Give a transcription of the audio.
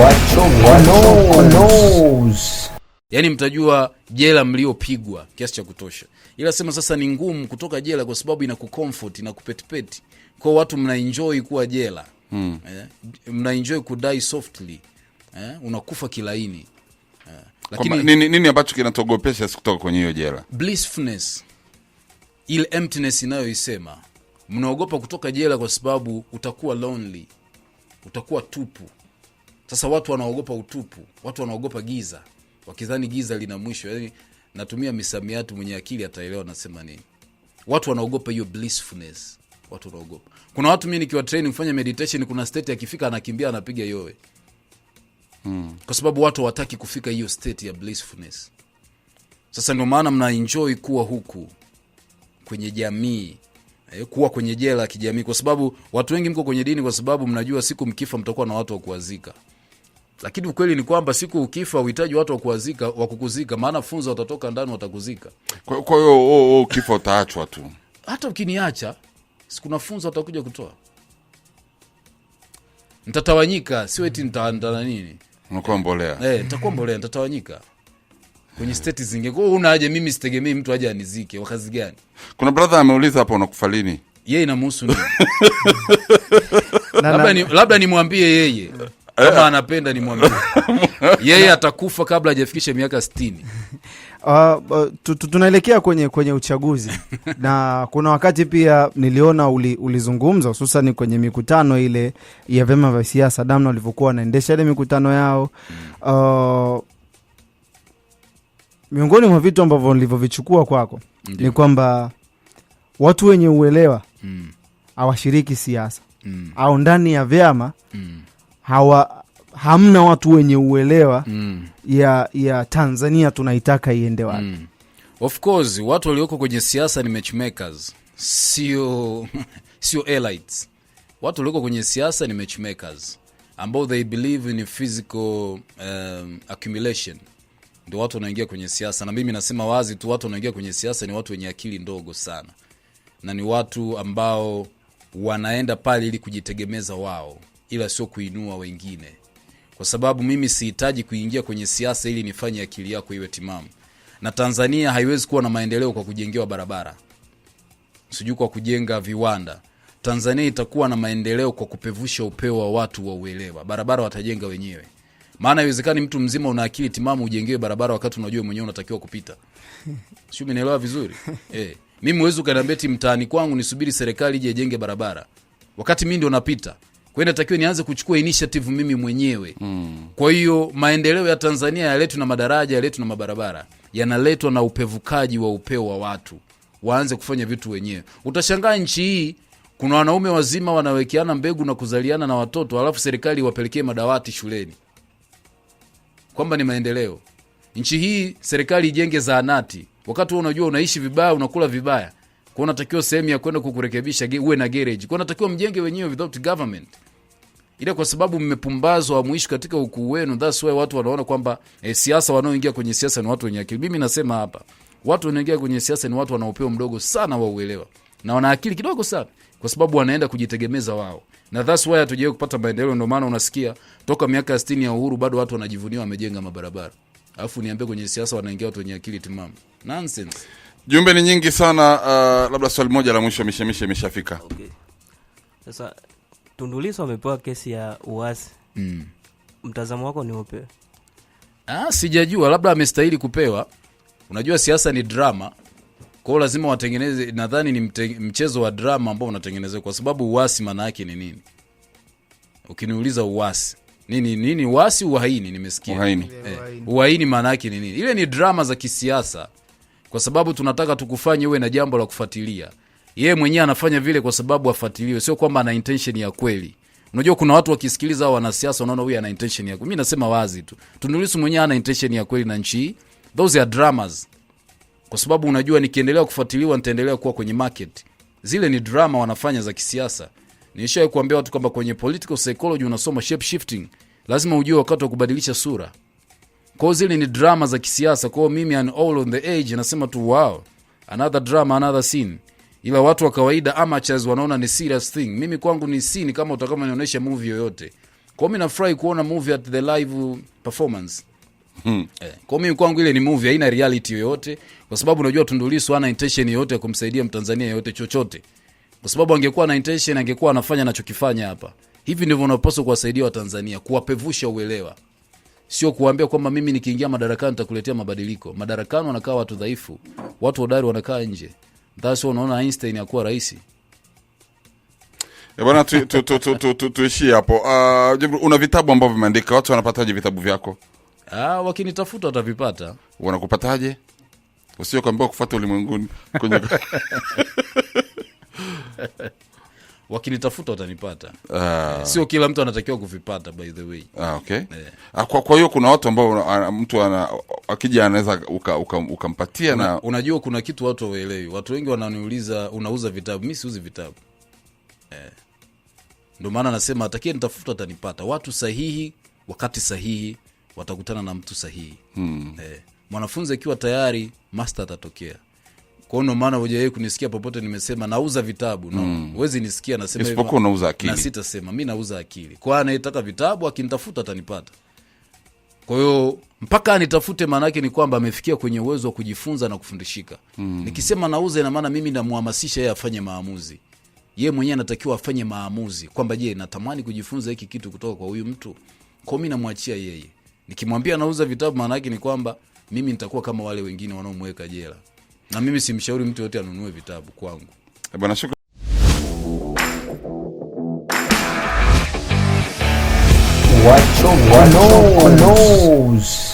wachokonozi yaani mtajua jela mliopigwa kiasi cha kutosha, ila sema sasa ni ngumu kutoka jela kwa sababu ina ina inakupetipeti, kwa watu mnaenjoy kuwa jela hmm. Eh, mnaenjoy kudai softly eh, unakufa kilaini eh, lakini Koma, nini, nini ambacho kinatogopesha kutoka kwenye hiyo jela? Blissfulness, ile emptiness inayoisema mnaogopa kutoka jela kwa sababu utakuwa lonely, utakuwa tupu sasa watu wanaogopa utupu, watu wanaogopa giza, wakidhani giza lina mwisho. Yani natumia misamiati, mwenye akili ataelewa nasema nini. Watu wanaogopa hiyo blissfulness, watu wanaogopa. Kuna watu mi nikiwa training mfanya meditation, kuna state akifika anakimbia anapiga yowe hmm. kwa sababu watu hawataki kufika hiyo state ya blissfulness. Sasa ndio maana mna enjoy kuwa huku kwenye jamii eh, kuwa kwenye jela ya kijamii, kwa sababu watu wengi mko kwenye dini, kwa sababu mnajua siku mkifa mtakuwa na watu wa kuwazika lakini ukweli ni kwamba siku ukifa uhitaji watu wakuwazika wakukuzika, maana funza watatoka ndani watakuzika. Kwa hiyo oh, oh, ukifa utaachwa tu, hata ukiniacha sikuna funza watakuja kutoa, ntatawanyika, si eti ntaandana nini, nakuwa mbolea e, eh, ntakuwa mbolea, ntatawanyika kwenye steti zingine. Kwa una aje mimi sitegemei mtu aje anizike. wakazi gani? Kuna bradha ameuliza hapo, unakufa lini? Yeye inamuhusu labda nimwambie yeye kama eh. anapenda mwambie yeye atakufa kabla hajafikisha miaka sitini. Uh, uh, tunaelekea kwenye, kwenye uchaguzi na kuna wakati pia niliona uli, ulizungumza hususan kwenye mikutano ile ya vyama vya siasa damna walivyokuwa wanaendesha ile mikutano yao uh, miongoni mwa vitu ambavyo nilivyovichukua kwako Ndiyo. ni kwamba watu wenye uelewa mm. hawashiriki mm. siasa mm. au ndani ya vyama mm hawa hamna watu wenye uelewa mm. ya ya Tanzania tunaitaka iende wapi mm. Of course watu walioko kwenye siasa ni matchmakers, sio sio elites. Watu walioko kwenye siasa ni matchmakers ambao they believe in physical um, accumulation ndo watu wanaingia kwenye siasa, na mimi nasema wazi tu, watu wanaingia kwenye siasa ni watu wenye akili ndogo sana, na ni watu ambao wanaenda pale ili kujitegemeza wao ila sio kuinua wengine, kwa sababu mimi sihitaji kuingia kwenye siasa ili nifanye akili yako iwe timamu. Na Tanzania haiwezi kuwa na maendeleo kwa kujengewa barabara, sijui kwa kujenga viwanda. Tanzania itakuwa na maendeleo kwa kupevusha upeo wa watu wa uelewa. Barabara watajenga wenyewe, maana haiwezekani mtu mzima una akili timamu ujengewe barabara wakati unajua mwenyewe unatakiwa kupita. Sijui umeelewa vizuri e. Mimi huwezi ukaniambia ti mtaani kwangu nisubiri serikali ije ijenge barabara wakati mi ndio napita kwa hiyo nianze kuchukua initiative mimi mwenyewe mm. kwa hiyo maendeleo ya tanzania yaletwe na madaraja yaletwe na mabarabara yanaletwa na upevukaji wa upeo wa watu waanze kufanya vitu wenyewe utashangaa nchi hii kuna wanaume wazima wanawekeana mbegu na kuzaliana na watoto alafu serikali iwapelekee madawati shuleni kwamba ni maendeleo nchi hii serikali ijenge zaanati wakati huo unajua unaishi vibaya unakula vibaya kwa unatakiwa sehemu ya kwenda kukurekebisha uwe na garage, kwa unatakiwa mjenge wenyewe without government, ila kwa sababu mmepumbazwa, mwishi katika ukuu wenu. That's why watu wanaona kwamba e, siasa, wanaoingia kwenye siasa ni watu wenye akili. Mimi nasema hapa, watu wanaoingia kwenye siasa ni watu wanaopewa mdogo sana wa uelewa na wana akili kidogo sana, kwa sababu wanaenda kujitegemeza wao, na that's why hatujawai kupata maendeleo. Ndio maana unasikia toka miaka ya sitini ya uhuru bado watu wanajivunia wamejenga mabarabara, alafu niambie kwenye siasa wanaingia watu wenye akili timamu? Nonsense. Jumbe ni nyingi sana uh, labda swali moja la mwisho mishemishe imeshafika. Okay. Sasa Tundulizo amepewa kesi ya uasi. Mm. Mtazamo wako ni upe? Ah, sijajua labda amestahili kupewa. Unajua siasa ni drama. Kwa hiyo lazima watengeneze, nadhani ni mchezo wa drama ambao unatengenezwa, kwa sababu uasi maana yake ni nini? Ukiniuliza uasi nini nini, uasi uhaini, nimesikia uhaini, eh, uhaini maana yake ni nini? Ile ni drama za kisiasa kwa sababu tunataka tukufanye uwe na jambo la kufuatilia. Yeye mwenyewe anafanya vile kwa sababu afuatiliwe, sio kwamba ana intention ya kweli. Unajua kuna watu wakisikiliza hao wanasiasa wanaona huyu ana intention ya kweli. Mimi nasema wazi tu, Tundu mwenyewe ana intention ya kweli na nchi. Those are dramas, kwa sababu unajua nikiendelea kufuatiliwa nitaendelea kuwa kwenye market. Zile ni drama wanafanya za kisiasa. Nishawahi kuambia watu kwamba kwenye political psychology unasoma shape shifting, lazima ujue wakati wa kubadilisha sura kozili ni drama za kisiasa kwao mimi an all on the age nasema tu wow another drama another scene ila watu wa kawaida amateurs wanaona ni serious thing mimi kwangu ni scene kama utakama nionyesha movie yoyote kwao mi nafurahi kuona movie at the live performance Hmm. Eh, kwa mimi kwangu ile ni movie haina reality yoyote kwa sababu unajua Tundulisu ana intention yoyote ya kumsaidia Mtanzania yoyote chochote. Kwa sababu angekuwa na intention angekuwa anafanya anachokifanya hapa. Hivi ndivyo unapaswa kuwasaidia Watanzania, kuwapevusha uelewa sio kuambia kwamba mimi nikiingia madarakani nitakuletea mabadiliko. Madarakani wanakaa watu dhaifu, watu hodari wanakaa nje. Thasi unaona Einstein akuwa rahisi eh, bwana. Tuishie hapo. Ah, una vitabu ambavyo vimeandika, watu wanapataje vitabu vyako? Ah, wakinitafuta watavipata. Wanakupataje? usio kuambiwa ulimwenguni kwenye wakinitafuta watanipata. uh, Sio kila mtu anatakiwa kuvipata by the way. uh, okay. Yeah. Eh. Kwa, kwa hiyo kuna watu ambao mtu ana, akija anaweza ukampatia uka, uka na unajua kuna kitu watu waelewi Watu wengi wananiuliza unauza vitabu, mi siuzi vitabu yeah. maana nasema atakie nitafuta atanipata. Watu sahihi wakati sahihi watakutana na mtu sahihi hmm. yeah. Mwanafunzi akiwa tayari master atatokea. Kwa hiyo maana kunisikia popote nimesema nauza vitabu no. Mm. nisikia unauza akili. Na sitasema nauza akili. Kwa anayetaka vitabu akinitafuta atanipata. Kwa hiyo mpaka anitafute, ni kwamba amefikia kwenye uwezo wa kujifunza na kufundishika. Mm. Nikisema nauza, mimi namhamasisha yeye afanye maamuzi. mwenyewe anatakiwa afanye maamuzi kwamba je, natamani kujifunza hiki kitu kutoka kwa huyu mtu. Kwa namwachia yeye. Nikimwambia vitabu, maana ni kwamba mimi nitakuwa kama wale wengine wanaomweka jela na mimi simshauri mtu yote anunue vitabu kwangu. Eh,